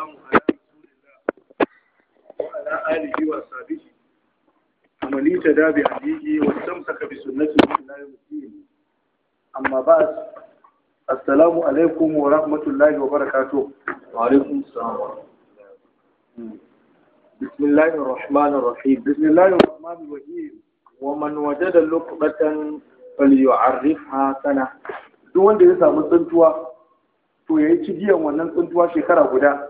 والسلام على رسول الله وعلى آله وصحبه ومن اهتدى بهديه واستمسك بسنته إلى يوم الدين أما بعد السلام عليكم ورحمة الله وبركاته وعليكم السلام بسم الله الرحمن الرحيم بسم الله الرحمن الرحيم ومن وجد فليعرفها سنة duk wanda ya samu tsuntuwa to ya yi cigiyan wannan tsuntuwa shekara guda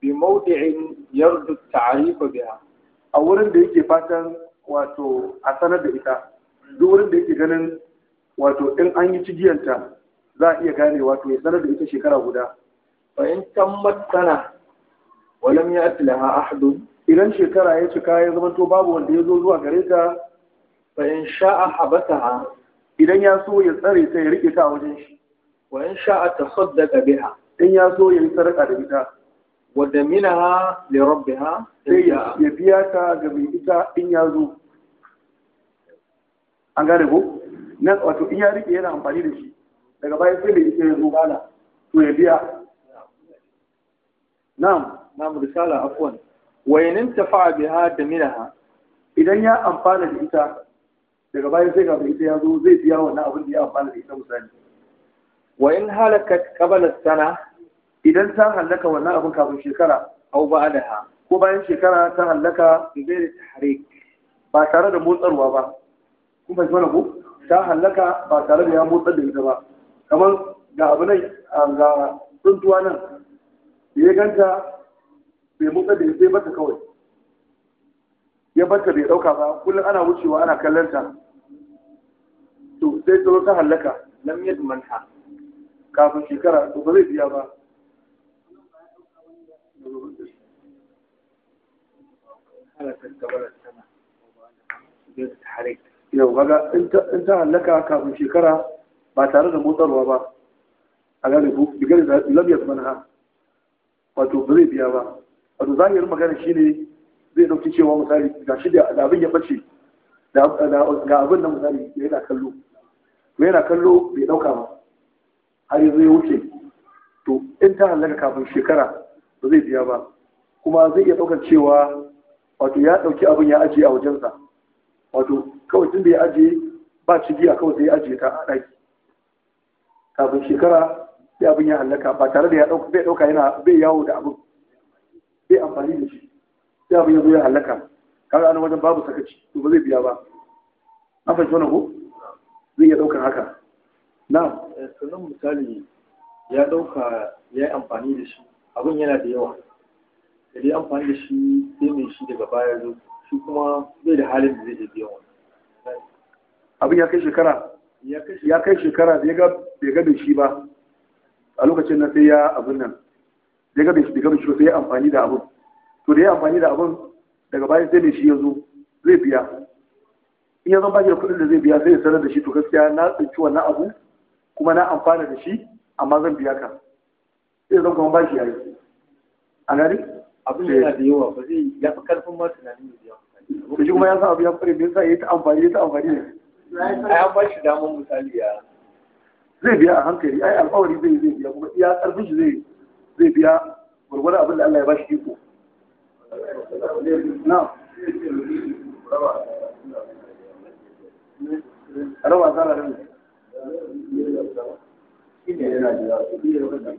bi mawdi'in yardu ta'rifa biha a wurin da yake fatan wato a sanar da ita duk wurin da yake ganin wato in an yi cigiyanta za a iya gane wato ya sanar da ita shekara guda fa in tammat sana wa lam ya'ti laha idan shekara ya cika ya zama to babu wanda ya zo zuwa gare ta fa in sha'a habataha idan ya so ya tsare ta ya rike ta wajen shi wa in sha'a tasaddaqa biha in ya so ya yi sadaka da ita wadda minaha li ha, sai ya biya ta ga mai ita in ya zo an gane ko nan wato in ya rike yana amfani da shi daga bayan sai mai ita ya zo gana to ya biya na'am na'am risala afwan wa in tafa'a biha da minaha idan ya amfana da ita daga bayan sai ga mai ita ya zo zai biya wannan abin da ya amfana da ita misali wa in halakat qabala sana idan ta hallaka wannan abin kafin shekara au ba da ha ko bayan shekara ta hallaka bi ta hare, ba tare da motsarwa ba kun fahimci wannan ko ta hallaka ba tare da ya motsar da ita ba kamar ga abu nan ga tuntuwa nan da ya ganta bai motsar da ita ba ta kawai ya bata bai dauka ba kullum ana wucewa ana kallon ta to sai tsoro ta hallaka lam yadmanha kafin shekara to ba zai biya ba yau kaga in ta hallaka kafin shekara ba tare da motsarwa ba a gane ku bigar da lamiyar manha wato ba zai biya ba wato zahirin magana ne, zai dauki cewa misali ga shi da abin ya bace ga abin da misali ya yana kallo to yana kallo bai dauka ba har yanzu ya wuce to in ta hallaka kafin shekara ba zai biya ba kuma zai iya ɗaukar cewa wato ya ɗauki abin ya ajiye a wajensa wato kawai tun da ya ajiye ba biya kawai zai ajiye ta a ɗaki kafin shekara sai abin ya hallaka ba tare da ya ɗauka bai ɗauka yana bai yawo da abin bai amfani da shi sai abin ya zo ya hallaka kaga ana wajen babu sakaci to ba zai biya ba an fahimci wannan ko zai iya ɗaukar haka na eh, sannan misali ya ɗauka ya yi amfani da shi abun yana da yawa da dai amfani da shi sai mai shi daga baya zo shi kuma bai da halin da zai je biyan wani abin ya kai shekara ya kai shekara da ya ga bai shi ba a lokacin na sai ya abin nan da ya ga bai shi ba sai ya amfani da abin to da ya amfani da abin daga baya sai mai shi ya zo zai biya in ya zan ba shi da kuɗin da zai biya sai ya sanar da shi to gaskiya na tsinci wannan abu kuma na amfana da shi amma zan biya ka sai zo kuma bashi yayi a gari abin yana da yawa ba zai ya fi karfin ma tunanin da yawa shi kuma ya abu ya fure sa ya ta amfani ya ta amfani ne a ya ba shi damar misali ya zai biya a hankali ai alƙawari zai zai biya kuma iya karfin shi zai zai biya abin da Allah ya ba shi iko na tsara shi ne yana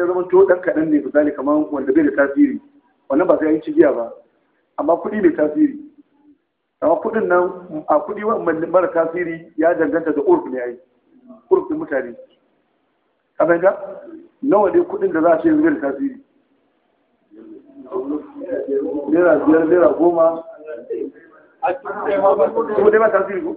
ya zama to dan kaɗan ne misali kamar wanda bai da tasiri wannan ba sai an cigiya ba amma kuɗi mai tasiri amma kuɗin nan a kuɗi mara tasiri ya danganta da urf ne ai urf da mutane ka fahimta nawa ne kuɗin da za a ce zai da tasiri naira biyar naira goma kuma dai ba tasiri ko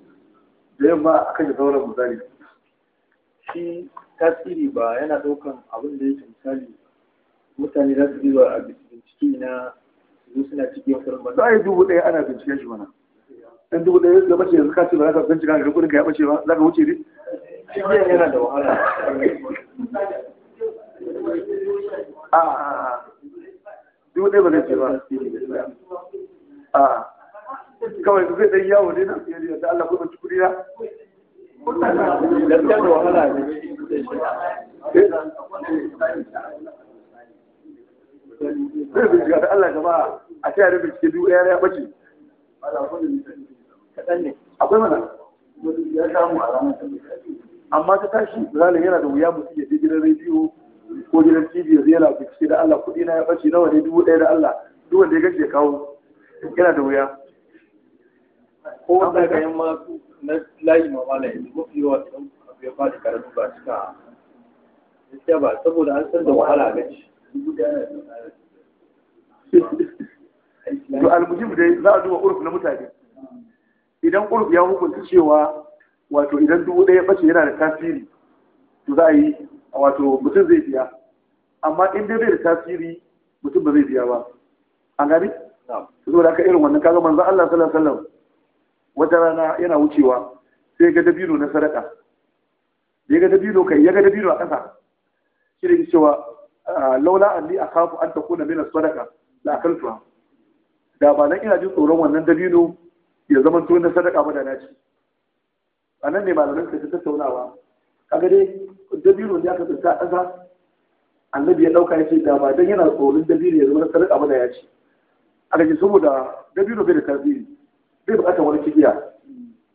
da yamma a kashe sauran misali shi tasiri ba yana ɗaukan abin da yake misali mutane za su bi zuwa a bincike na su suna cikin kurin ba za a yi dubu ɗaya ana binciken shi mana ɗan dubu ɗaya ya bace yanzu ka ce ba za ka bincika ga kuɗin ka ya bace ba za ka wuce ne shi yana da wahala a dubu ɗaya ba zai ce ba a kawai zai dan yawo ne na fiye da Allah ko ban kuɗi Gaskiya da wahala ne zai bincika da Allah gaba a ta yare bincike duk ɗaya ya bace akwai mana amma ta tashi zalin yana da wuya mutum ya je gidan rediyo ko gidan tv ya zai bincike da Allah kuɗi na ya bace nawa ne dubu ɗaya da Allah duk wanda ya gaji ya kawo yana da wuya ko da ga masu na layi mamala yanzu mafi yawa idan abu ya faɗi karatu ba cika gaskiya ba saboda an san da wahala ga shi to almuhim dai za a duba urf na mutane idan urf ya hukunta cewa wato idan dubu ɗaya bace yana da tasiri to za a yi wato mutum zai biya amma in dai bai da tasiri mutum ba zai biya ba an gani saboda haka irin wannan kaga manzo Allah sallallahu alaihi wasallam wata rana yana wucewa sai ga dabino na sadaka ya ga dabino kai ya ga dabino a ƙasa shi da cewa ah, laula anni akhafu an takuna min sadaka sadaqa la akaltuha da ba nan ina jin tsoron wannan dabino ya zama to na sadaka ba da na ci a nan ne malamin ka tattaunawa kaga dai dabino ne aka tsinta a ƙasa annabi ya ɗauka ya ce da ba dan yana tsoron dabino ya zama na sadaka ba da ya ci a gaji saboda dabino bai da tasiri zai buƙatar wani cikiya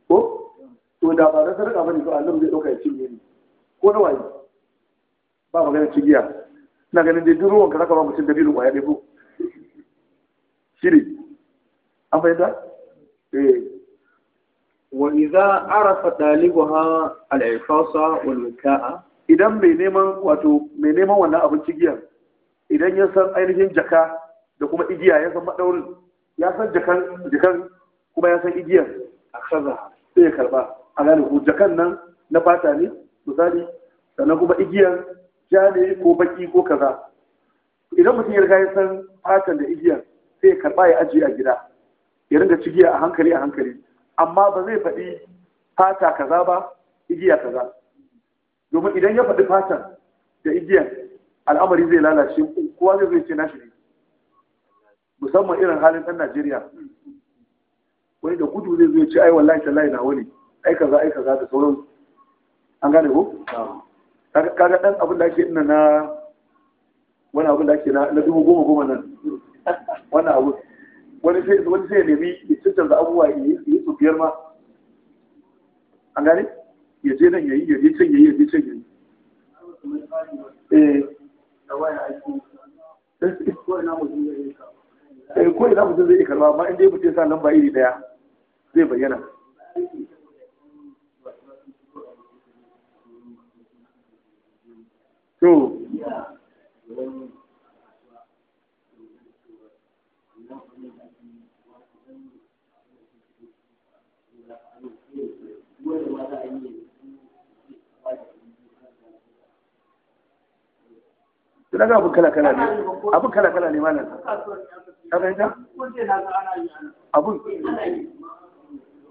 ko to da ba na sadaka bane to nan zai ɗauka ya cinye ni ko na waye ba magana cikiya ina ganin dai duk ruwan ka zaka ba mutum da bilu ƙwaya ne ko shiri an fahimta eh wa idza arafa dalibuha al-ifasa wal mika'a idan mai neman wato mai neman wannan abin cigiyar idan ya san ainihin jaka da kuma igiya ya san madaurin ya san jakan jakan kuma ya san igiyar a kaza sai ya karba a gane ko nan na fata ne misali sannan kuma igiyar ja ne ko baki ko kaza idan mutum ya riga ya san fatan da igiyar sai ya karba ya ajiye a gida ya ringa cigiya a hankali a hankali amma ba zai faɗi fata kaza ba igiya kaza domin idan ya faɗi fatan da igiyar al'amari zai lalace kowa zai zai ce nashi ne musamman irin halin ɗan Najeriya wani da gudu zai zo ya ce ai wallahi tallahi na wani ai kaza ai kaza da sauran an gane ko kaga dan abin da ake ina na wani abin da ake na na dubu goma goma nan wani abu wani sai wani sai nemi ya cancanza abubuwa ya yi su biyar ma an gane ya je nan ya yi ya je can ya yi ya je can ya yi eh, eh ko ina mutum zai iya karba amma in dai mutum sa lamba iri daya zai bayyana to daga abu kala kala ne abu kala kala ne malam ka fahimta abun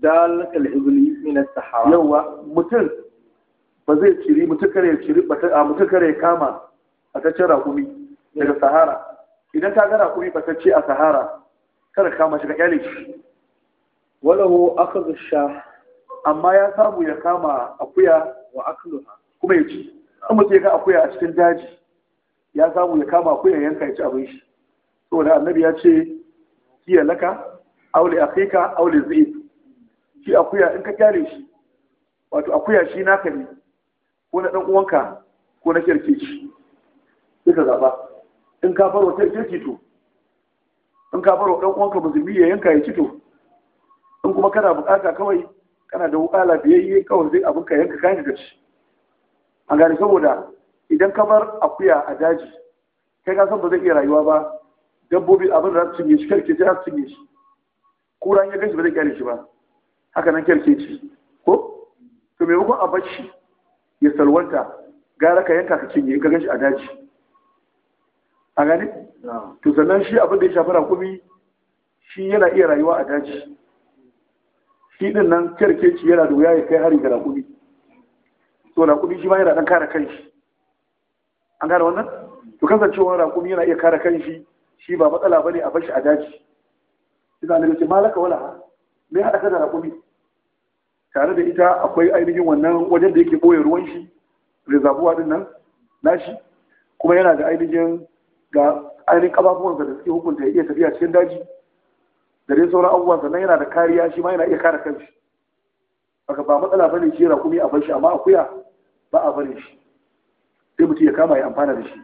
dalakal ibli min as-sahaba yawa mutum ba zai ciri mutum kare ciri a mutum kama a tacce rakumi daga sahara idan ta ga rakumi ba ce a sahara kada kama shi ga kyale shi walahu aka sha amma ya samu ya kama akuya wa akluha kuma ya ci in mutum ya ga akuya a cikin daji ya samu ya kama akuya yanka ya ci abin shi saboda annabi ya ce hiya laka aw li akhika aw li shi akuya in ka kyale shi wato akuya shi naka ne ko na ɗan uwanka ko na kirki shi. ka zaɓa in ka baro ta kirki to in ka baro ɗan uwanka musulmi ya yanka ya ci to in kuma kana buƙata kawai kana da ya yi kawai zai abinka ka yanka kayan ka ci a gane saboda idan ka bar akuya a daji kai ka san ba zai iya rayuwa ba dabbobi abin da za su cinye shi karke za su cinye shi kura ya gashi ba zai kyale shi ba haka nan ci, ko to maimakon a bacci ya salwanta gara ka yanka ka cinye ka gashi a daji a gani to sannan shi abin da ya shafi rakumi shi yana iya rayuwa a daji shi din nan ci yana da wuya ya kai hari ga rakumi to rakumi shi ma yana dan kare kanshi an gane wannan to kasancewar rakumi yana iya kare kanshi shi ba matsala bane a bashi a daji idan ne ce malaka wala me haɗa ka da rakumi tare da ita akwai ainihin wannan wajen da yake boye ruwan shi rezabuwa din nan nashi kuma yana da ainihin ga ainihin kafafuwan da suke hukunta ya iya tafiya cikin daji da dai sauran abubuwa sannan yana da kariya shi ma yana iya kare kanshi haka ba matsala bane shi rakumi a bar shi amma akuya ba a barin shi sai mutum ya kama ya amfana da shi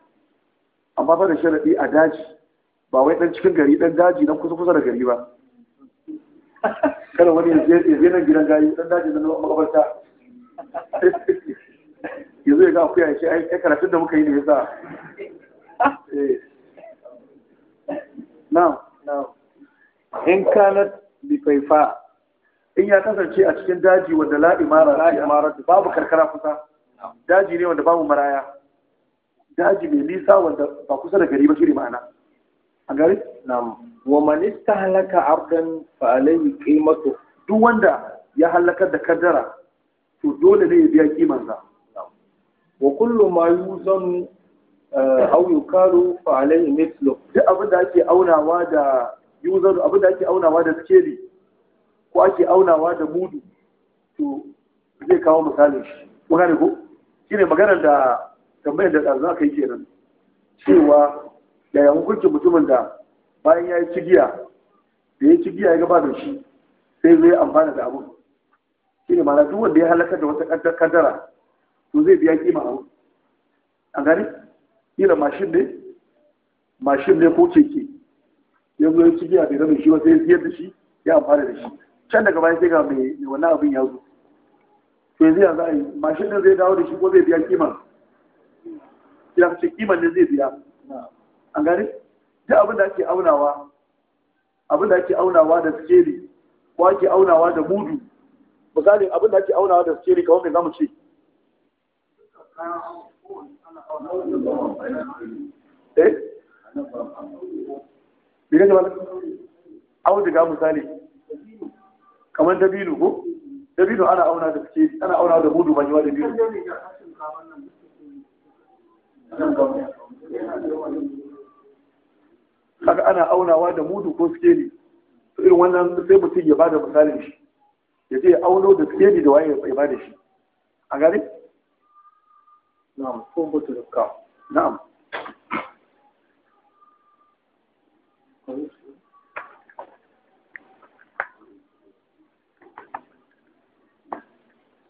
amma fa da sharaɗi a daji ba wai dan cikin gari dan daji dan kusa kusa da gari ba kada wani ya je nan gidan gari, dan daji na makabarta ya zo ya ga akuya ya ce ai karatun da muka yi ne yasa now now in kanat bi faifa in ya kasance a cikin daji wanda la imara babu karkara kusa daji ne wanda babu maraya daji mai nisa wanda ba kusa da gari ba shi ma'ana a gari na'am wa man istahlaka ardan fa alayhi qimatu duk wanda ya halakar da kadara to dole ne ya biya kiman sa wa kullu ma yuzanu eh, aw yukalu fa alayhi mithlu duk abin da ake aunawa da yuzanu abin da ake aunawa da sikeli, ko ake aunawa da mudu to zai kawo misali shi ko gane ko shine maganar da tambayar da ɗazu aka yi kenan cewa yaya hukuncin mutumin da bayan ya yi cigiya da ya cigiya ya gaba da shi sai zai amfana da abun shi ne mana duk wanda ya halakar da wata kaddara to zai biya kima abu a gani kila mashin ne mashin ne ko keke ya zo ya cigiya bai zama shi ba sai siyar da shi ya amfana da shi can daga baya sai ga mai wannan abin ya zo to yanzu yanzu a yi mashin ne zai dawo da shi ko zai biya kima ya ce kima ne zai biya an gane duk abin da ake aunawa abin da ake aunawa da sikeli. ko ake aunawa da mudu misali abin da ake aunawa da sikeli kawai zamu ce eh bi ga auduga misali kamar dabino ko dabino ana auna da suke ana auna da mudu ban yiwa dabino kaga ana aunawa da mudu ko skeli irin wannan sai mutum ya bada misalin shi ya ce auno da skeli da waye ya bada shi a gane na'am ko mutu da ka na'am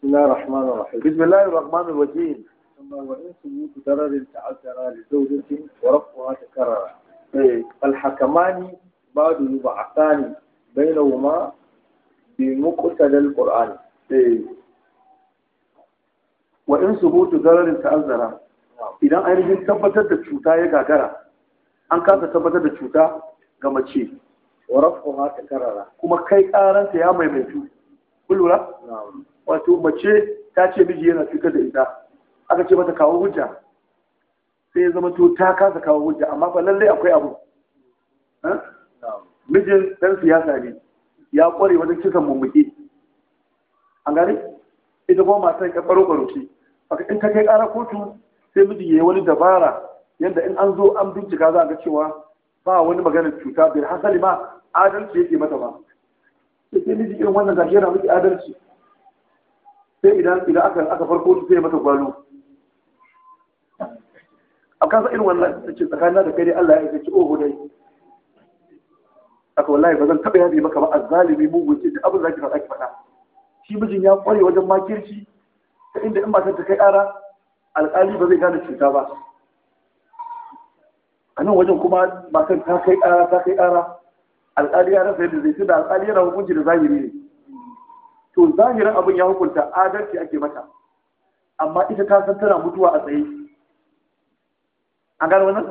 بسم الله الرحمن الرحيم بسم الله الرحمن الرحيم ثم وإن سموت ضرر تعذر لزوجة ورفعها تكرر alhakamani ba da yuba a sani bai na wuma bi mukuta da alƙur'ani zararin ta'azzara idan ainihin tabbatar da cuta ya gagara an kasa tabbatar da cuta ga mace wa rafuha ta karara kuma kai karanta ya maimaitu kun lura wato mace ta ce miji yana cutar da ita aka ce mata kawo hujja sai ya zama to ta kasa kawo hujja amma fa lallai akwai abu mijin dan siyasa ne ya kware wajen kisan mummuki an gane ita kuma matar ta baro baro ce in ka kai ƙara kotu sai mijin ya yi wani dabara yadda in an zo an bincika za a ga cewa ba wani magana cuta bai hasali ma adalci yake mata ba sai sai miji irin wannan zaki yana miki adalci sai idan idan aka aka farko sai mata gwalo a kasa irin wannan ta ce tsakanin da kai dai Allah ya ce oho dai aka wallahi ba zan taɓa yabe maka ba a azzalimi mugun ce abin zaki faɗa ki faɗa shi mijin ya ƙware wajen makirci ta inda in matar ta kai ƙara alƙali ba zai gane cuta ba a nan wajen kuma matar ta kai ƙara ta kai ƙara alƙali ya rasa yadda zai tunda alƙali yana hukunci da zahiri ne to zahirin abin ya hukunta adalci ake mata amma ita ta san tana mutuwa a tsaye an gano wannan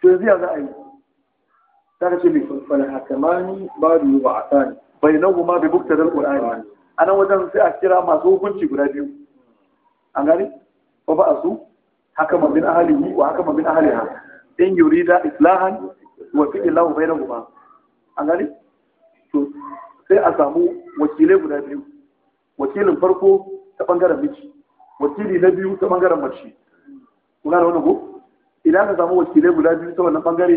to yanzu ya za a yi ta ce mai falfala hakamani ba da yi ba a tsani bai nan kuma bai bukta dal ƙur'ani a nan wajen sai a kira masu hukunci guda biyu an gani ba ba a su haka mabin yi wa haka mabin ha? in da islahan wa fi ilahu bai nan kuma an gani to sai a samu wakilai guda biyu wakilin farko ta ɓangaren miki wakili na biyu ta ɓangaren mace kuna da wani ko idan ka samu wakilai guda biyu ta wannan bangare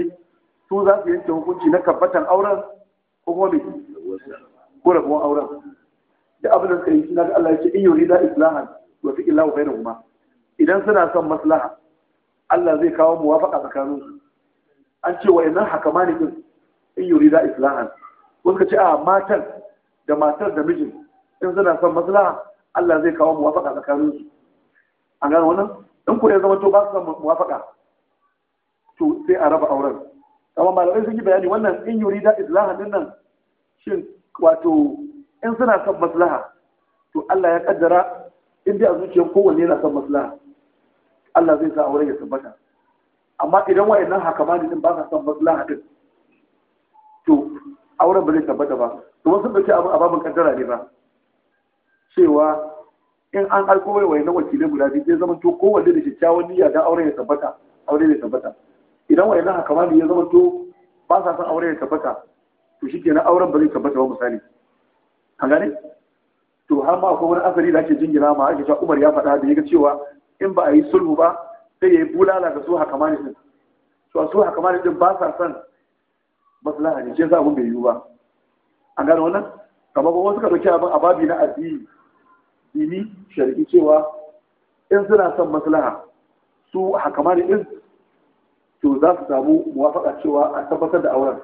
su za su yanke hukunci na kabbatan auren ko kuma mai ko da kuma auren da abin da suka yi suna Allah ya ce in da islahan wa fi illahu bainahuma idan suna son maslaha Allah zai kawo muwafaqa tsakanin su an ce wa haka ma ne din in da islahan wasu ka ce a matan da matar da mijin in suna son maslaha Allah zai kawo muwafaqa tsakanin su an gano wannan in ko ya zama to ba su son muwafaqa to sai a raba auren amma malamai sun yi bayani wannan in da islaha din nan shin wato in suna son maslaha to Allah ya kaddara in dai a zuciyar kowanne yana son maslaha Allah zai sa auren ya tabbata amma idan wayannan hakamani din ba sa son maslaha din to auren ba zai tabbata ba to wasu da ce a babin kaddara ne ba cewa in an alkowai wayannan wakilai guda biyu zai zama to kowanne da kyakkyawan niyya da auren ya tabbata aure ne tabbata idan wayannan hakamani ya zama to ba sa son aure ya tabbata to shi kenan auren ba zai tabbata ba misali an gane to har ma akwai wani asali da ake jingina ma ake cewa Umar ya faɗa da ga cewa in ba a yi sulhu ba sai ya yi bulala ga su hakamani din to su hakamani din ba sa son maslaha ne shi yasa abun bai yiwu ba an gane wannan kamar ba wasu ka dauki abin ababi na addini dini shari'i cewa in suna son maslaha su hakamani din to za su samu muwafaka cewa a tabbatar da auren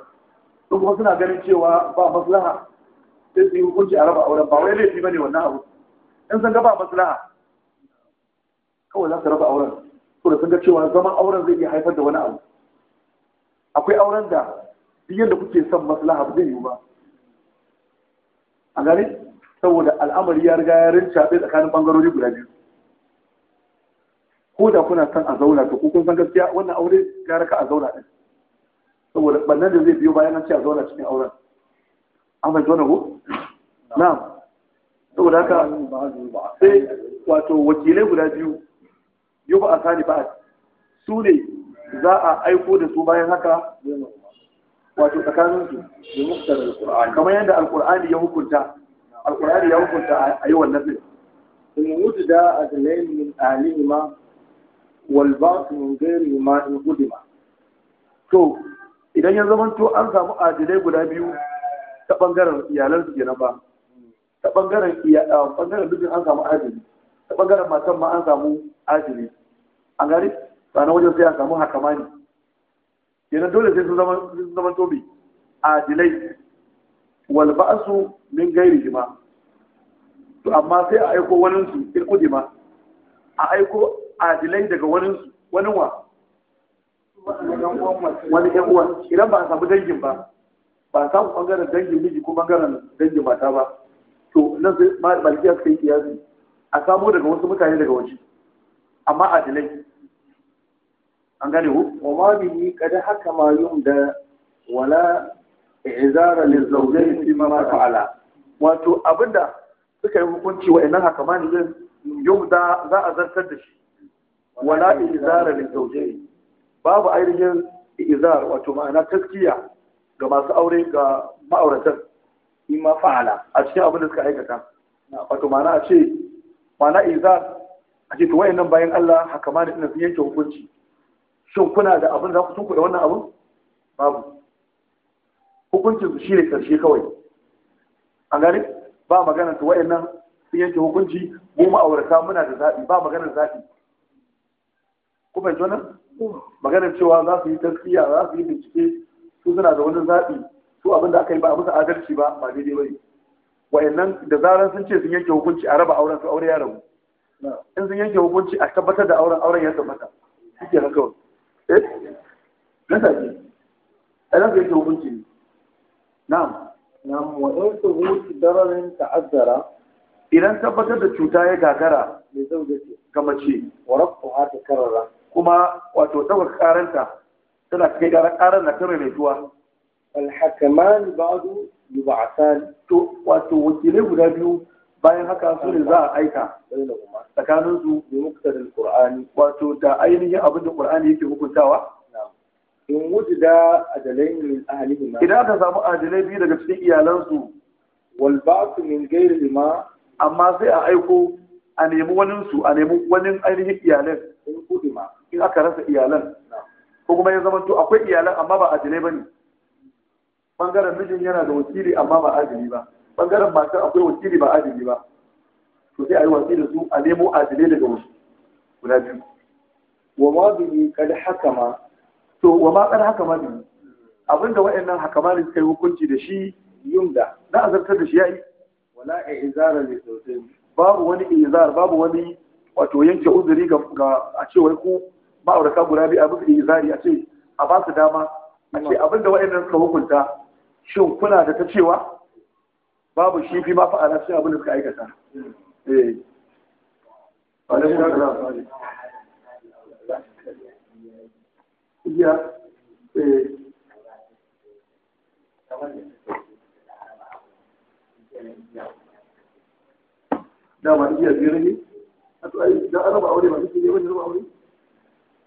in kuma suna ganin cewa ba maslaha sai su yi hukunci a raba auren ba wai laifi bane wannan abu in san ga ba maslaha kawai za su raba auren to da sun ga cewa zaman auren zai iya haifar da wani abu akwai auren da duk yadda kuke son maslaha ba zai yiwu ba a gani saboda al'amari ya riga ya rinca tsakanin bangarori guda biyu ko da kuna son a zauna to ko kun san gaskiya wannan aure gara ka a zauna din saboda bannan da zai biyo bayan an ce a zauna cikin auren an fahimci wannan ko na'am saboda haka sai wato wakilai guda biyu yau ba a sani ba su ne za a aiko da su bayan haka wato su kamar yadda alkur'ani ya hukunta alkur'ani ya hukunta a yi wannan din mutu da a min والباطل من غير ما قدم to idan ya zama to an samu adilai guda biyu ta bangaren iyalan su kenan ba ta bangaren bangaren dukkan an samu adili ta bangaren matan ma an samu adili an gari sanan wajen sai an samu hakamani kenan dole sai sun zama sun zama to bi adilai wal ba'su min gairi jima to amma sai a aiko wani su ilkudima a aiko adilai daga wani wa wani ƴan uwan idan ba a samu dangin ba ba a samu bangaren dangin miji ko bangaren dangin mata ba to nan sai malikiya suka yi kiyasi a samu daga wasu mutane daga waje amma adilai an gane ku wa ma bihi kada haka ma yum da wala i'zara lil zawjayn fi ma ta'ala wato abinda suka yi hukunci wa innan haka ma ne yau za a zartar da shi wala izara lil zawjayn babu ainihin izar wato ma'ana taskiya ga masu aure ga ma'auratan in ma fa'ala a cikin abin da suka aikata wato ma'ana a ce ma'ana izar a ce to wayannan bayan Allah haka ma da ina sun yanke hukunci shin kuna da abin da ku da wannan abin babu hukuncin su shine karshe kawai an gane ba magana to wayannan sun yanke hukunci mu ma'aurata muna da zaɓi ba maganar zabi ku bai jona maganar cewa za su yi taskiya za su yi bincike su suna da wani zaɓi su abin da aka yi ba a musu adalci ba ba daidai ba ne wa'annan da zarar sun ce sun yanke hukunci a raba auren su aure ya rabu in sun yanke hukunci a tabbatar da auren auren ya tabbata suke haka wa eh na sake a nan yanke hukunci ne na'am na'am wa su hukunci dararin ta'azzara idan tabbatar da cuta ya gagara mai zauje ga mace wa rafu ha ta karara kuma wato ɗaukar karanta tana cikin gara karar na ta maimaituwa alhakaman ba'du yub'athan to wato wakilai guda biyu bayan haka su ne za a aika tsakanin su bi muqtadil qur'ani wato da ainihin abin da qur'ani yake hukuntawa in wujida adalain min ahlihima idan aka samu adalai biyu daga cikin iyalansu wal ba'tu min ghairihima amma sai a aiko a nemi waninsu a nemi wani ainihin iyalin in kudima in aka rasa iyalan ko kuma ya zama to akwai iyalan amma ba ba ne. bangaren mijin yana da wakili amma ba adili ba bangaren matar akwai wakili ba adili ba to sai a yi watsi da su a nemo adilai daga wasu guda biyu wa ma kada haka ma. to wa ma kad abin da abinda haka ma ne suka yi hukunci da shi yun da. na azartar da shi ya yi. wala izara sosai babu wani izar babu wani wato yanke uzuri ga a cewa ku ma'aurata guda biyu a musu izari a ce a ba su dama a ce abin da wa'annan suka hukunta shin kuna da ta cewa babu shi fi ma fa'ala sai abin da suka aikata eh. eh. dama iya a to aure ba ne wani raba aure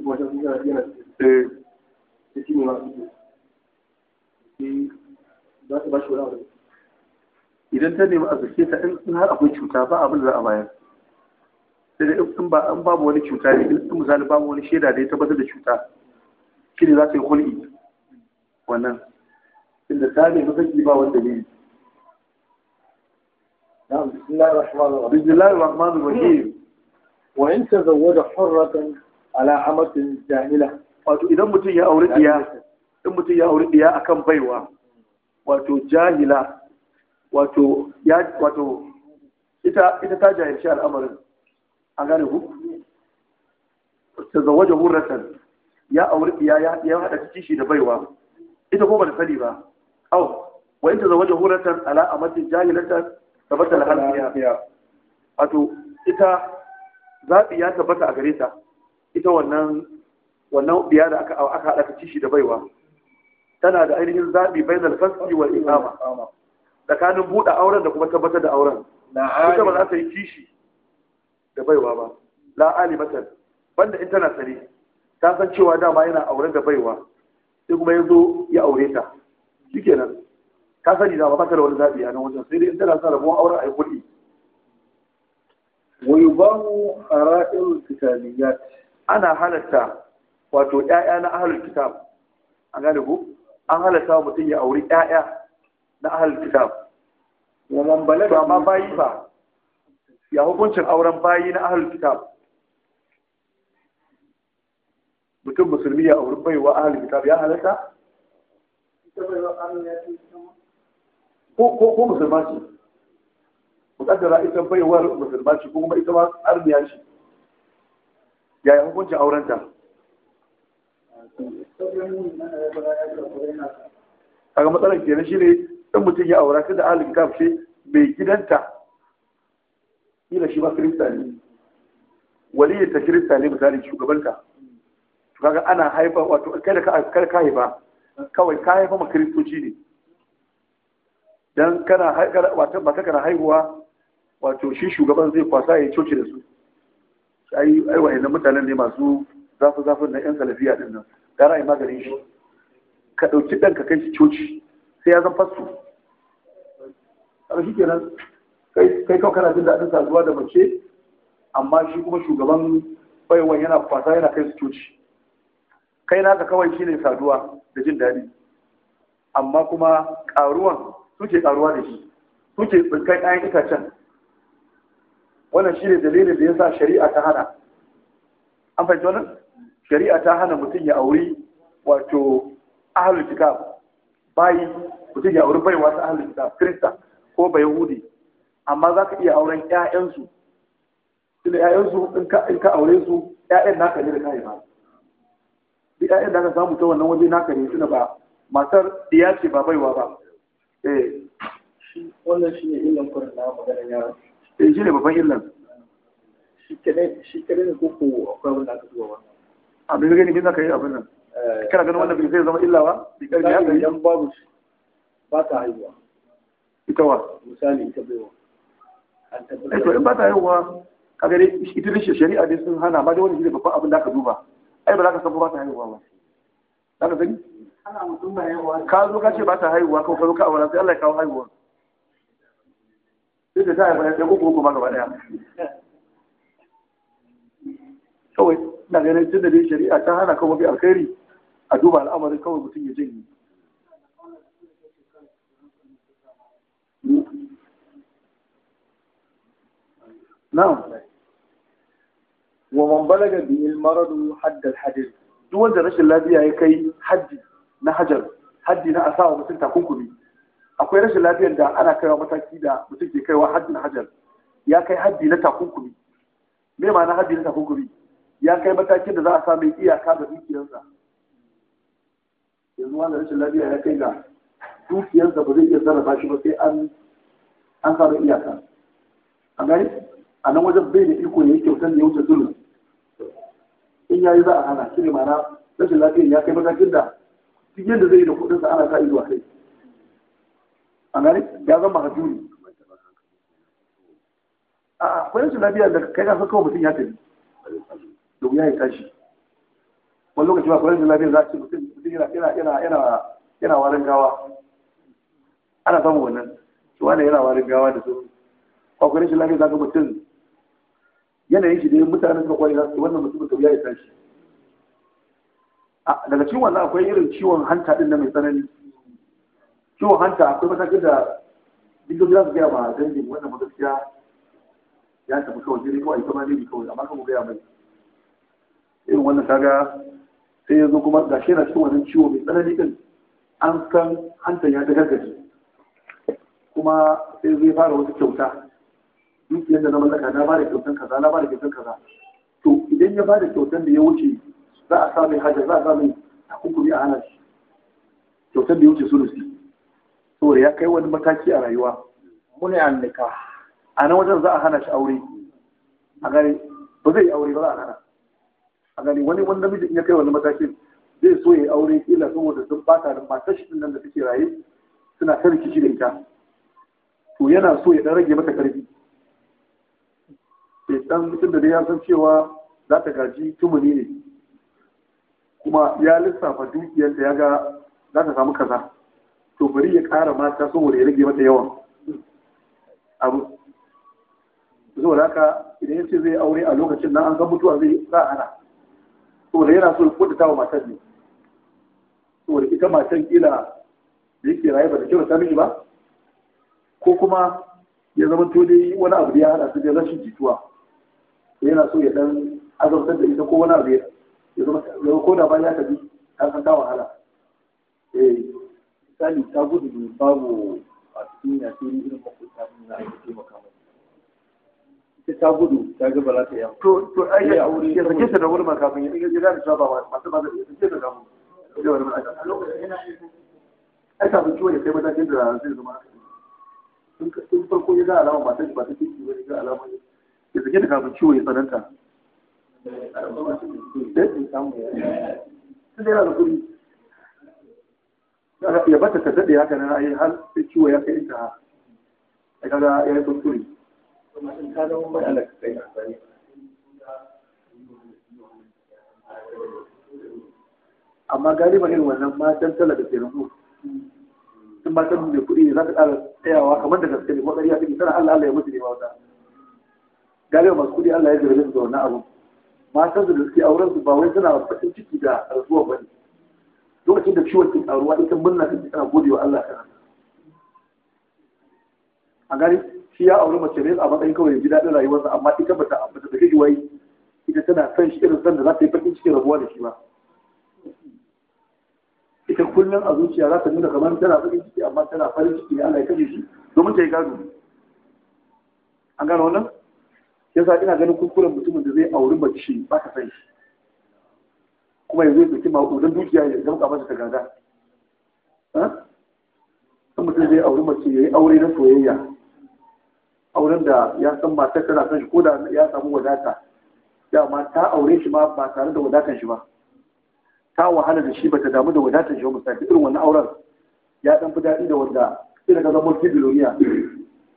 Eh. idan ta nemi a zake ta in har akwai cuta ba abin za a bayar sai da in ba an babu wani cuta ne in misali babu wani shaida da ya tabbatar da cuta shi ne za ta yi hulɗi wannan inda ta nemi zaki ba wanda ne بسم الله الرحمن الرحيم وإن تزوج حرة ala amatin jahila wato idan mutum ya auri diya idan mutum ya auri diya akan baiwa wato jahila wato ya wato ita ita ta jahilci al'amarin A gane ku ta zawaje hurratan ya auri diya ya ya hada kishi da baiwa ita ko ba da sani ba aw wa in ta zawaje hurratan ala amatin jahilatan tabata al-halqiya wato ita zaɓi ya tabbata a gare ta ita wannan wannan biya da aka aka hada ka cishi da baiwa tana da ainihin zabi bainal fasli wal imama. tsakanin buɗe auren da kuma tabbatar da auren ita ba za ta yi kishi da baiwa ba la alimatan banda in tana sare ta san cewa dama yana auren da baiwa sai kuma ya zo ya aure ta shikenan ka sani dama ba ta da wani zaɓi a nan wajen sai dai in tana son rabuwar auren a yi kuɗi ويباع أرائل الكتابيات ana halatta wato 'ya'ya na ahalar kitab A gane ku an halatta mutum ya auri 'ya'ya na ahalar kitab wa man da ma bayi ba ya hukuncin auren bayi na ahalar kitab mutum musulmi ya auri baiwa ahalar kitab ya halatta ko musulma ce mukaddara ita baiwar musulma ce ko kuma ita ma arniya ce yaya hukuncin aurenta ga matsalar shi ne ɗan mutum ya aura kada alin kafshe mai gidanta kila shi ba kirista ne waliyin ta kirista ne misali shugabanta to kaga ana haifa wato kada ka kada ka haifa kawai ka haifa ma kiristoci ne dan kana wato ba kana haihuwa wato shi shugaban zai kwasa ya coci da su ai ai wa'annan mutanen ne masu zafi zafin na yan salafiya din nan gara ai maganin shi ka ɗauki ɗan ka kai shi coci sai ya zan fasto a shi kenan kai kai kawai kana jin daɗin saduwa da mace amma shi kuma shugaban baiwan yana kwasa yana kai su coci kai naka kawai shi ne saduwa da jin daɗi amma kuma ƙaruwan suke ƙaruwa da shi suke tsinkai ɗayan itacen wannan shi ne dalilin da ya sa shari'a ta hana an fahimci wannan shari'a ta hana mutum ya auri wato ahalun kitab bayi mutum ya auri baiwa ta ahalun kitab kirista ko bai yahudi amma za ka iya auren 'ya'yansu tunda 'ya'yansu in ka aure su 'ya'yan naka ne da kai ba duk 'ya'yan da ka samu ta wannan waje naka ne tunda ba matar diya ce ba baiwa ba eh wannan shi ne kurin na maganar yaro eh shi ne babban illan shi kadai ne koko akwai abin da aka zuwa ba abin da gani zaka yi abin nan eh. kana ganin wannan bai zai zama illa ba bi karfi haka idan babu ba ta haihuwa ita wa misali ita baiwa ai eh, to in ba ta haihuwa kaga dai ita da shari'a dai sun hana ba dai wani shine babban abin da aka duba ai ba za ka san ba ta haihuwa ba za ka sani ka zo ka ce ba ta haihuwa ko ka zo ka awara sai Allah ya kawo haihuwa sai da ta haifa ya ko kuma kuma gaba daya kawai na ganin tun da dai shari'a ta hana kawai mafi alkhairi a duba al'amarin kawai mutum ya janye na'am wa man balaga bi al maradu hadd al hadir duk wanda rashin lafiya ya kai haddi na hajar haddi na asawa mutum takunkumi akwai rashin lafiyar da ana kaiwa mataki da mutum ke kaiwa haddin hajar ya kai haddi na takunkumi me ma'ana haddi na takunkumi ya kai matakin da za a sami iyaka da dukiyarsa yanzu wanda rashin lafiya ya kai ga dukiyarsa ba zai iya sarrafa shi ba sai an an samu iyaka a gani a nan wajen bai da iko ne yake wutar da ya wuce zulun in ya yi za a hana shi ne ma'ana rashin lafiyar ya kai matakin da duk yadda zai yi da kuɗinsa ana sa ido a kai an gane ya zama ka hajjuri a akwai rashin lafiya da kai ka kawo mutum ya tafi da wuya ya tashi wani lokaci ba akwai rashin lafiya za a ce mutum mutum yana yana yana yana warin gawa ana samun wannan Su wani yana warin gawa da su akwai rashin lafiya za ka mutum yanayin shi da mutanen suka kwari za su wannan mutum da wuya ya tashi daga ciwon wannan akwai irin ciwon hanta din na mai tsanani ciwon hanta akwai matakin da duk da su gaya ma dangin wannan gaskiya ya tafi kawai jirgin kawai ita ma zai kawai amma kan gaya mai irin wannan kaga sai ya zo kuma ga shi na cikin wannan ciwo mai tsanani din an san hanta ya ta gargaje kuma sai zai fara wata kyauta dukiyar da na mallaka na ba da kyautan kaza na ba da kyautan kaza to idan ya ba da kyautan da ya wuce za a sa mai haja za a sa mai takunkumi a hana shi kyautan da ya wuce su saboda ya kai wani mataki a rayuwa muni an nika a nan wajen za a hana shi aure a gani ba zai yi aure ba za a hana a gani wani wani in ya kai wani mataki zai so ya yi aure kila saboda sun bata da matar shi nan da suke raye suna ta rikici da ita to yana so ya dan rage mata karfi sai dan mutum da dai ya san cewa za ta gaji tumuni ne kuma ya lissafa dukiyarta ya ga za ta samu kaza to bari ya ƙara mata saboda ya rage mata yawan abu saboda haka idan ya ce zai aure a lokacin nan an ga mutuwa zai za hana saboda yana so ya kudata wa ne. ne saboda ita matan ila da yake raye ba da kyau ta miji ba ko kuma ya zama to dai wani abu da ya hada su da rashin jituwa yana so ya dan azabtar da ita ko wani abu ya zama ko da ba ya tafi ta san ta wahala eh misali ta gudu da babu a cikin ya sai irin makwabta ne na ake taimaka ita ta gudu ta ga ba za ta yi to to ai ya aure ya sake ta da wani makafin ya ga da ta ba masu ba da ya sake ta da mu da wani makafin ai kafin ciwon ya kai matakin da zai zama in farko ya ga alama ba ta ba ta ciki ba ya ga alama ya sake ta kafin ya tsananta. Eh, da ta eh? da ya bata ta daɗe haka na yi har sai ciwo ya kai ta a Kada ya yi kuskure amma galiba irin wannan matan tala da ke rubu sun ta mai kuɗi za ka ƙara tsayawa kamar da gaske ne ɗari a cikin tana Allah Allah ya mutu ne ba wata galiba masu kuɗi Allah ya zirgin da wannan abu matan da suke auren su ba wai suna fasin ciki da rasuwa ba ne lokacin da ciwon ke karuwa ita murna ta tana gode wa Allah kana a gari shi ya aure mace ne a matsayin kawai ji daɗin rayuwarsa amma ita bata bata take wai ita tana son shi irin san da za ta yi farkin cikin rabuwa da shi ba ita kullum a zuciya za ta nuna kamar tana farkin ciki amma tana farin ciki ne Allah ya kashe shi domin ta yi gado an gano wannan yasa ina ganin kuskuren mutumin da zai auri mace ba ka san shi kuma yanzu ya ɗauki maƙudan dukiya ya zauka masa ta gada in mutum zai auri mace ya yi aure na soyayya auren da ya san matar tana son shi ko da ya samu wadata dama ta aure shi ma ba tare da wadatan shi ba ta wahala da shi ba ta damu da wadatan shi ba misali irin wannan auren ya dan fi daɗi da wanda sai daga zama mulki biloniya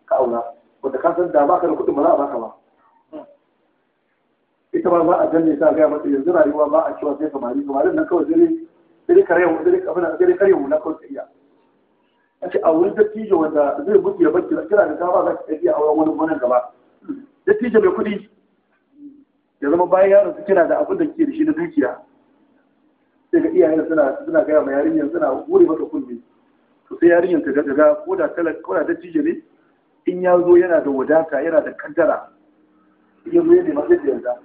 ka aura wanda ka san da ba ka da kuɗin ba za a baka ba ita ba za a danne ta gaya mata yanzu rayuwa ba a cewa sai samari samarin nan kawai sai sai kare mu sai abin sai kare mu na kawai iya ake a wurin dattijo wanda zai buɗe ya bar kira da ta ba za ka iya auren wani gonan gaba dattijo mai kuɗi ya zama bayan yaro su kira da abin da ke da shi na dukiya sai ga iyayen suna suna gaya ma yarinyar suna gure mata kunne to sai yarinyar ta ga ko da talaka ko da dattijo ne in ya zo yana da wadata yana da kaddara in ya zo ya nema zai yarda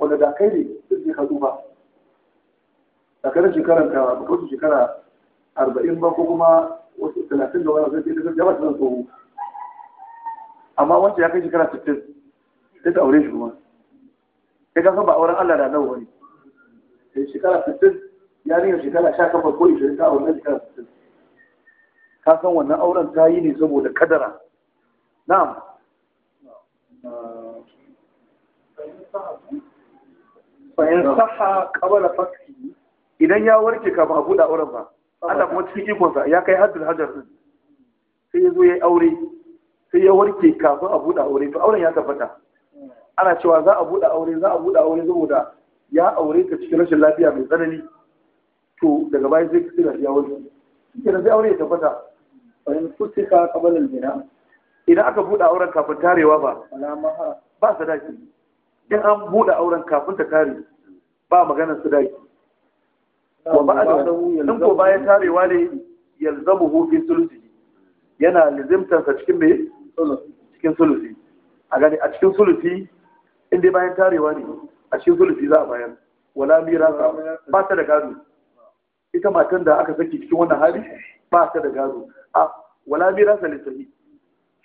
wanda da kai ne duk zai ka tsufa da kada shekaran ka ba kawai shekara arba'in ba ko kuma wasu talatin da wani zai ta gaba ta zan tsohu. amma wancan ya kai shekara sittin sai ta aure shi kuma sai ka san ba auren Allah da nawa wani sai shekara sittin ya rinka shekara sha kafa ko ishirin ta aure shekara sittin ka san wannan auren ta yi ne saboda kadara na'am fa'in saha qabala faski idan ya warke kafin a buɗe auren ba Allah kuma cikin ikonsa ya kai haddul hajjar din sai ya zo ya yi aure sai ya warke kafin a buɗe aure to auren ya tabbata ana cewa za a buɗe aure za a buɗe aure saboda ya aure ta cikin rashin lafiya mai tsanani to daga baya zai fi sirar ya warke shi sai aure ya tabbata bayan fusika kabalin bina idan aka buɗe auren kafin tarewa ba ba dace in an buɗe auren kafin ta kare ba maganar su wa ba da in ko bayan tarewa ne yalzamu hu fi sulusi yana lizimtar sa cikin me cikin sulusi a gani a cikin sulusi in dai bayan tarewa ne a cikin sulusi za a bayar wala mira ba ta da gado ita matan da aka saki cikin wannan hali ba ta da gado a wala mira sa lissafi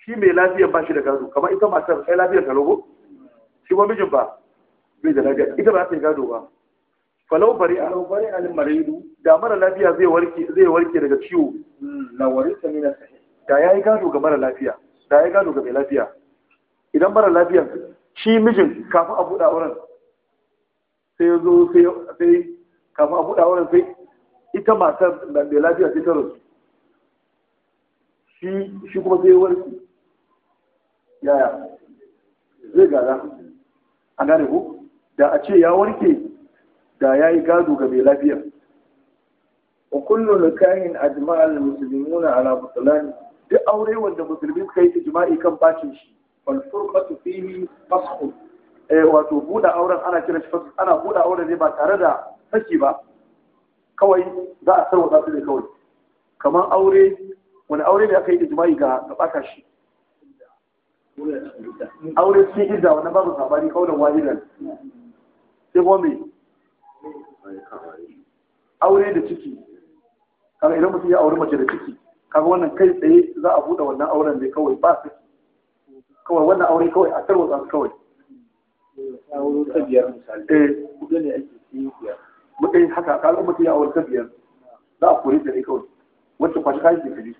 shi mai lafiyar ba shi da gado kamar ita matar ai lafiyar ta logo shi ba mijin ba bai da lafiya ita ba ta yi gado ba falau bari a bari al maridu da mara lafiya zai warke zai warke daga ciwo hmm, la warisa min sahih da yayi gado ga mara lafiya da yayi gado ga mai lafiya idan mara lafiya shi mijin kafin a buɗa wurin sai ya zo sai kafin a buɗa wurin sai ita matar mai lafiya sai ta rasu shi kuma sai ya warke yaya zai gada. an gane ku da a ce ya warke da ya yi gado ga mai lafiya wa kullu nikahin ajma'al muslimuna ala butlan duk aure wanda musulmi suka yi ijma'i kan bacin shi wal furqatu fihi fasxu eh wato buɗe auren ana kira shi fasxu ana buɗe auren ne ba tare da saki ba kawai za a sarwa su ne kawai kamar aure wani aure ne aka yi ijma'i ga ga bata shi aure cikin idda wannan babu sabani kaulan wahidan sai kuma me aure da ciki kaga idan mutum ya aure mace da ciki kaga wannan kai tsaye za a buɗe wannan auren ne kawai ba su kawai wannan aure kawai a tarwatsa su kawai aure ta biyar misali eh kuɗi ne ake cikin biyar haka kaga mutum ya aure ta biyar za a kore ta ne kawai wacce kwashi kayan ke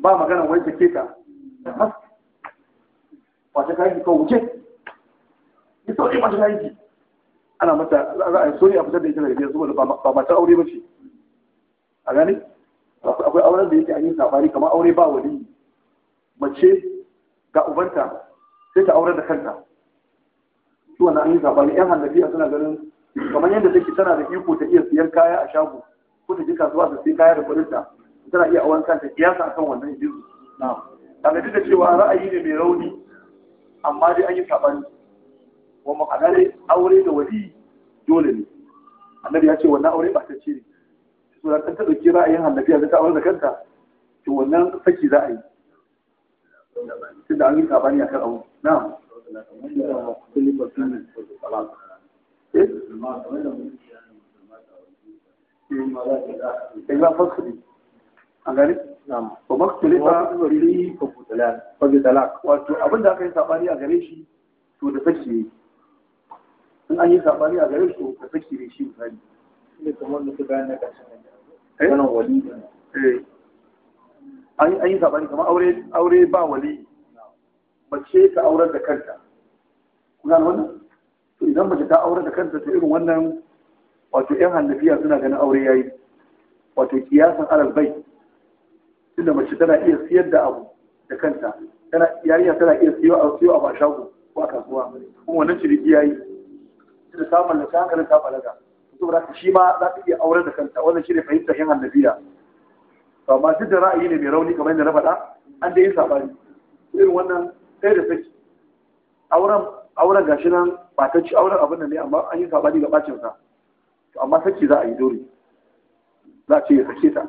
ba maganan wai ta ke ka kwace kayan ki kawai wuce ki sauri kwace kayan ki ana mata za a yi soyi a fitar da ita daga gidan saboda ba matar aure ba ce a gani? akwai auren da yake an yi safari kamar aure ba wali mace ga ubanta sai ta aure da kanta su wannan an yi safari yan hannabiya suna ganin kamar yadda take tana da iko ta iya siyan kaya a shago ko ta je kasuwa ta sai kaya da kuɗinta tana iya auren kanta kiyasa akan wannan jizu na duk da cewa ra'ayi ne mai rauni amma dai an yi a wa makanare aure da wali dole ne annabi ya ce wannan aure ba ta ce ne su da ta ɗauki ra'ayin hannabiya da ta aure da kanta to wannan saki za a yi da an yi saɓani a kan abu. na Ina fasiri. a gani ba maktalifa fi fabitalak wato abin da aka yi sabani a gare shi to da sake ne in an yi sabani a gare shi to da sake ne shi misali ne kamar da su bayan na ƙarshen eh? wannan wali eh. an yi sabani kamar aure ba wali mace ka aurar da kanta kuna wannan to idan mace ta aurar da kanta to irin wannan wato yan hannafiya suna ganin aure yayi wato kiyasan alal bai tunda mace tana iya siyar da abu da kanta tana yarinya tana iya siyo a siyo abu a shago ko a kasuwa kuma wannan ciniki yayi tunda ta mallaka hankalin ta balaga to ba shi ma za ta iya aure da kanta wannan shi ne fahimtar yan annabiya to amma duk da ra'ayi ne mai rauni kamar yadda na faɗa an da yin sabani irin wannan sai da saki auren auren gashi nan ba ta ci auren abin nan ne amma an yi sabani ga bacin sa to amma saki za a yi dole za a ce ya sake ta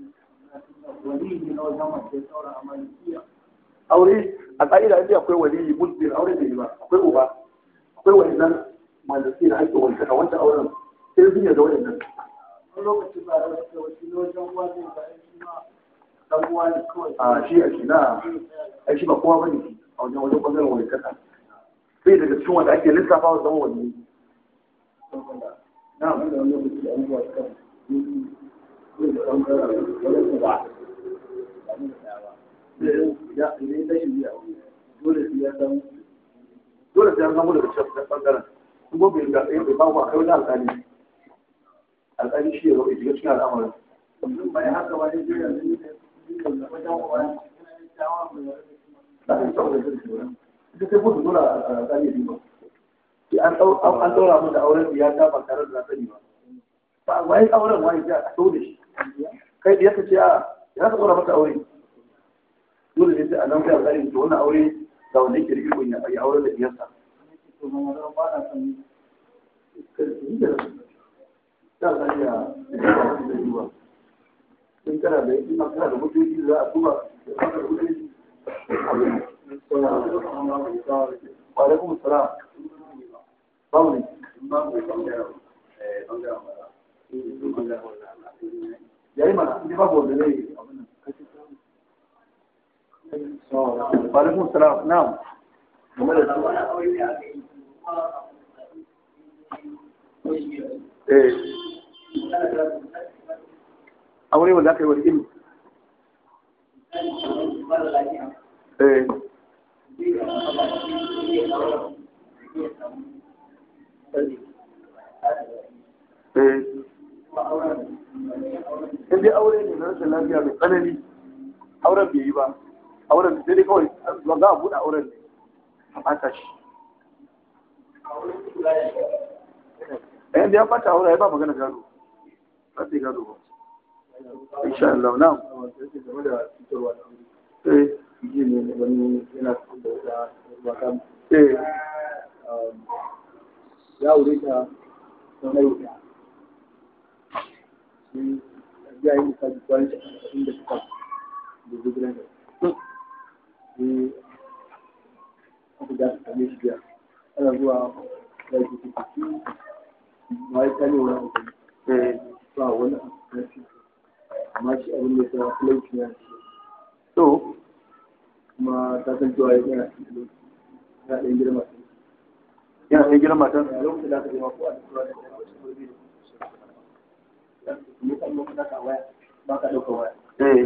waliyi na wajen mace saura a malikiya aure a ƙa'ida inda akwai waliyi musbir aure da ba akwai uba akwai wannan maliki da ake wanda a wancan auren sai sun yarda Wani lokacin ba da wasu na wajen wajen ba dan uwa ne kawai a shi a shi na a shi ba kowa bane a wajen wajen bangaren wani kasa sai daga cikin wanda ake lissafa wa zama wani na'am ɓangaren wani uba dole sai ya san dole daga cikin ɓangaren kuma bai da tsaye bai ba ku wani alƙali alƙali shi ya roƙe shiga cikin al'amarin haka ba da da an ɗaura mun da auren ya ta ba tare da na sani ba ba wai auren wani ya a da shi kai da yaka ce a ah, ya ka tsora maka aure dole ne sai a nan sai a to wannan aure ga wanda yake da ikon ya aure da diyarsa in kana da in kana da hujjoji za a tuba da kana da hujjoji wa alaikum assalam babu ne babu ne bangaren bangaren yayi mana ni babu wanda salam, na'am. da eh. Aure wanda aka yi wani Eh. a buɗe a ɓata shi ɗayan da ya ɓata auren ya ba magana gado ba sai gado ba insha Allah na ya ta sanai wuta ya yi misali kwanan da da uku za su shi biyar ana zuwa ya ke kusurci ma ya kane wani abu ba hmm. da ya sama ya kuma ta san yana cikin yana ɗan girma yana ta ɗauka waya eh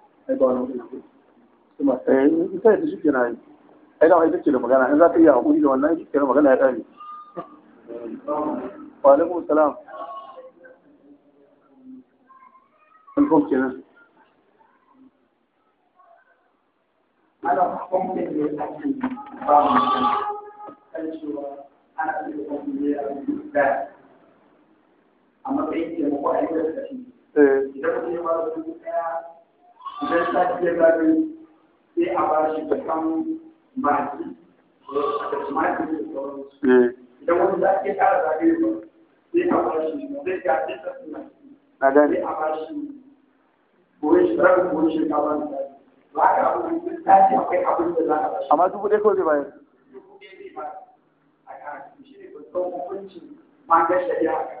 ai ba wani kuma eh, da magana in za ka iya hakuri da wannan shi kenan magana ya kare wa alaikum salam alaikum kenan ana hukuncin da ake ba mu kan cewa ana da hukuncin da ake da a matsayin taimako a yi da kashi eh. idan mutum ya ba da idan sati ya zaɓi sai a ba shi da kan maki da da sauransu eh. idan wani za ke ƙara zaɓe ba sai a ba shi zai ga da sai a ba shi shi rabin shi ka ba ni ba ka abin da ta ce akwai abin da za a ba shi amma dubu ɗaya kawai zai bayar dubu ɗaya zai bayar a shi ne hukuncin ma ga shari'a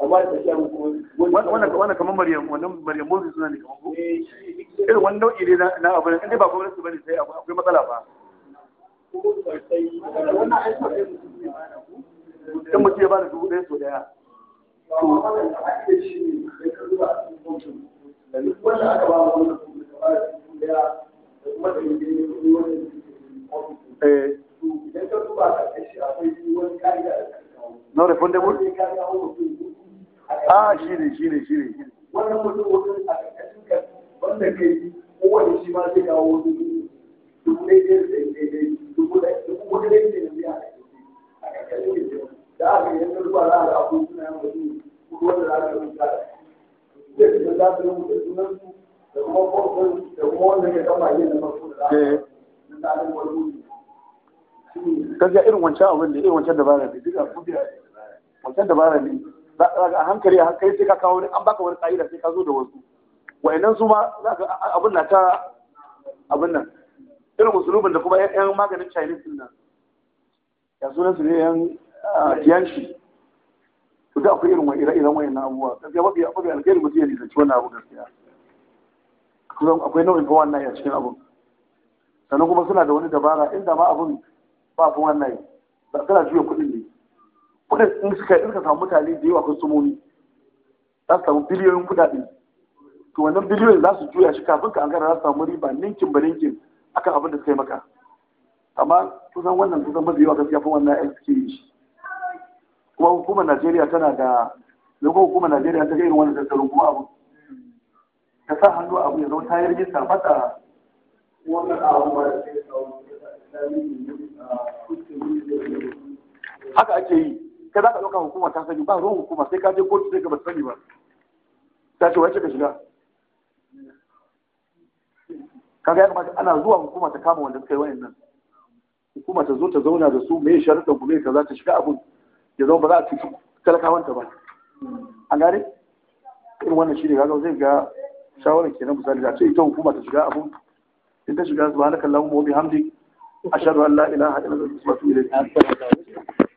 wannan kamar maryam wannan maryam suna ne kamar ko eh, irin wani nau'i ne na abu ne ba gwamnati bane sai abu akwai matsala ba dan mutum ya bada dubu ɗaya so ɗaya Eh. No refundable? a shi ne shi ne shi ne wannan mutum a ƙarƙashin ka wanda ke yi kowane shi ma zai kawo wani dubu ɗaya ɗaya ɗaya ɗaya dubu ɗaya dubu ɗaya ɗaya ɗaya ɗaya a ƙarƙashin ka da aka yi yanzu ba za a ga abu suna kudu wanda za da shi da za da kuma da kuma wanda kama yin na farko da za a eh. yi wani irin wancan da irin wancan dabara ne a hankali a hankali sai ka kawo an baka wani ƙa'ida sai ka zo da wasu wa'annan su ma za ka abin na ta abin nan irin musulubin da kuma yan maganin chinese din nan ya sunan su ne yan tiyanshi to da akwai irin wani 'iran iren wa'annan abubuwa gaskiya mafi mafi alkhairi mutum ya nisanci wannan abu gaskiya kusan akwai nau'in fa wannan a cikin abu sannan kuma suna da wani dabara inda ma abin ba fa wannan kana juya kuɗin ne kudin in suka in suka samu mutane da yawa kusumomi za su samu biliyoyin kudade to wannan biliyoyin za su juya shi kafin ka ankara za su samu riba ninkin ba ninkin akan abin da suka yi maka amma kusan wannan kusan mafi yawa gaskiya fin wannan aiki suke yi shi kuma hukumar najeriya tana da lokacin hukumar najeriya ta ga irin wannan tattalin kuma abu ta sa hannu abu ya zama tayar gista mata wannan abu ba da haka ake yi ka za ka ɗauka hukuma ta sani ba ruwan hukuma sai ka je kotu sai ka ba sani ba ta ce wace ka shiga Ka kaga ya kamata ana zuwa hukuma ta kama wanda suka yi wayannan hukuma ta zo ta zauna da su me sharuɗan ku me kaza ta shiga abun ya zama ba za a cuci talakawanta ba A gare? irin wannan shi ne kaga zai ga shawarar kenan misali da ce ita hukuma ta shiga abun in ta shiga subhanakallahumma wa bihamdik ashhadu an la ilaha illa anta astaghfiruka wa atubu ilayk